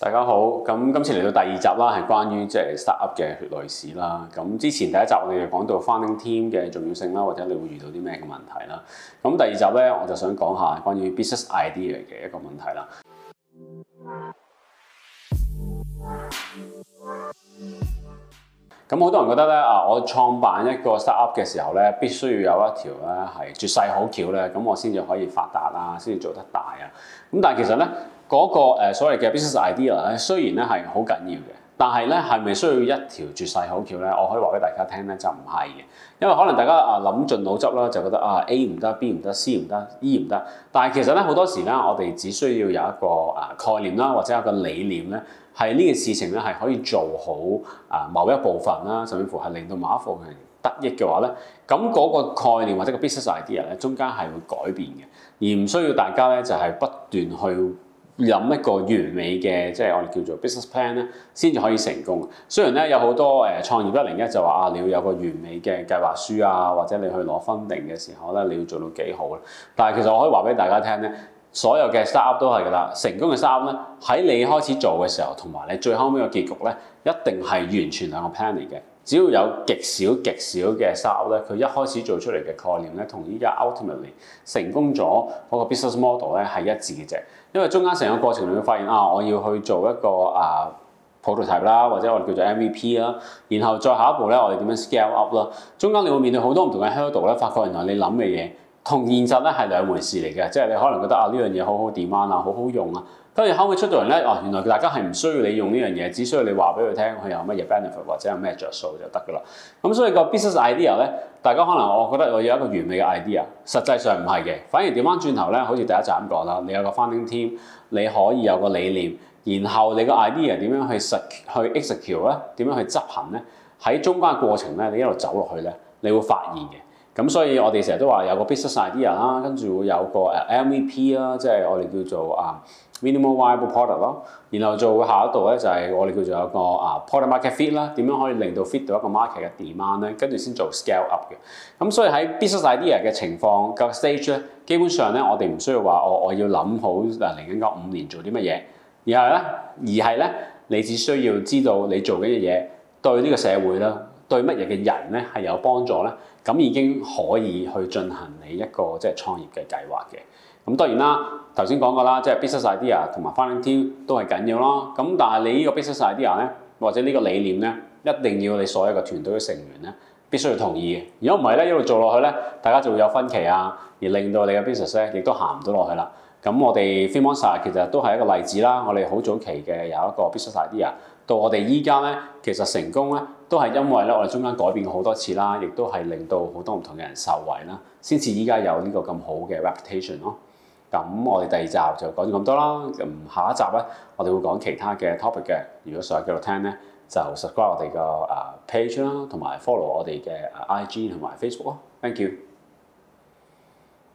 大家好，咁今次嚟到第二集啦，係關於即係 startup 嘅血淚史啦。咁之前第一集我哋就講到 funding team 嘅重要性啦，或者你會遇到啲咩嘅問題啦。咁第二集咧，我就想講下關於 business idea 嘅一個問題啦。咁好多人覺得咧啊，我創辦一個 startup 嘅時候咧，必須要有一條咧係絕世好橋咧，咁我先至可以發達啦，先至做得大啊。咁但係其實咧。嗰個誒所謂嘅 business idea 咧，雖然咧係好緊要嘅，但係咧係咪需要一條絕世好橋咧？我可以話俾大家聽咧，就唔係嘅，因為可能大家啊諗盡腦汁啦，就覺得啊 A 唔得，B 唔得，C 唔得，E 唔得，但係其實咧好多時咧，我哋只需要有一個啊概念啦，或者有一個理念咧，係呢件事情咧係可以做好啊某一部分啦，甚至乎係令到某一部分人得益嘅話咧，咁嗰個概念或者個 business idea 咧，中間係會改變嘅，而唔需要大家咧就係不斷去。諗一個完美嘅，即係我哋叫做 business plan 咧，先至可以成功。雖然咧有好多誒、呃、創業一零一就話啊，你要有個完美嘅計劃書啊，或者你去攞 financing 嘅時候咧，你要做到幾好咧。但係其實我可以話俾大家聽咧，所有嘅 startup 都係㗎啦。成功嘅 startup 咧，喺你開始做嘅時候，同埋你最後尾嘅結局咧，一定係完全兩個 plan 嚟嘅。只要有極少極少嘅 startup 咧，佢一開始做出嚟嘅概念咧，同依家 ultimately 成功咗嗰個 business model 咧係一致嘅啫。因為中間成個過程你會發現啊，我要去做一個啊、uh, prototype 啦，或者我哋叫做 MVP 啦，然後再下一步咧，我哋點樣 scale up 啦？中間你會面對好多唔同嘅 hurdle 咧，發覺原來你諗嘅嘢，同現實咧係兩回事嚟嘅，即係你可能覺得啊呢樣嘢好好 demand 啊，好好用啊，跟住後尾出到嚟咧，哦，原來大家係唔需要你用呢樣嘢，只需要你話俾佢聽佢有乜嘢 benefit 或者有咩著數就得噶啦。咁所以個 business idea 咧，大家可能我覺得我有一個完美嘅 idea，實際上唔係嘅，反而調翻轉頭咧，好似第一集咁講啦，你有個 funding team，你可以有個理念，然後你個 idea 點樣去實 ex 去 execute 咧，點樣去執行咧？喺中間嘅過程咧，你一路走落去咧，你會發現嘅。咁所以，我哋成日都話有個 business idea 啦，跟住會有個誒 MVP 啦，即係我哋叫做啊 minimum viable product 咯。然後做下一度咧，就係我哋叫做有個啊 product market fit 啦，點樣可以令到 fit 到一個 market 嘅 demand 咧？跟住先做 scale up 嘅。咁所以喺 business idea 嘅情況個 stage 咧，基本上咧，我哋唔需要話我我要諗好嗱嚟緊嗰五年做啲乜嘢，而係咧，而係咧，你只需要知道你做緊嘅嘢對呢個社會啦。對乜嘢嘅人咧，係有幫助咧，咁已經可以去進行你一個即係創業嘅計劃嘅。咁、嗯、當然啦，頭先講過啦，即係 business idea 同埋 finding team 都係緊要啦。咁但係你呢個 business idea 咧，或者呢個理念咧，一定要你所有嘅團隊嘅成員咧，必須要同意嘅。如果唔係咧，一路做落去咧，大家就會有分歧啊，而令到你嘅 business 咧亦都行唔到落去啦。咁、嗯、我哋 Firmosa 其實都係一個例子啦。我哋好早期嘅有一個 business idea。到我哋依家咧，其實成功咧都係因為咧，我哋中間改變好多次啦，亦都係令到好多唔同嘅人受惠啦，先至依家有呢個咁好嘅 reputation 咯。咁、嗯、我哋第二集就講咗咁多啦，咁下一集咧，我哋會講其他嘅 topic 嘅。如果想繼續聽咧，就 subscribe 我哋嘅誒 page 啦，同埋 follow 我哋嘅 IG 同埋 Facebook 咯。Thank you。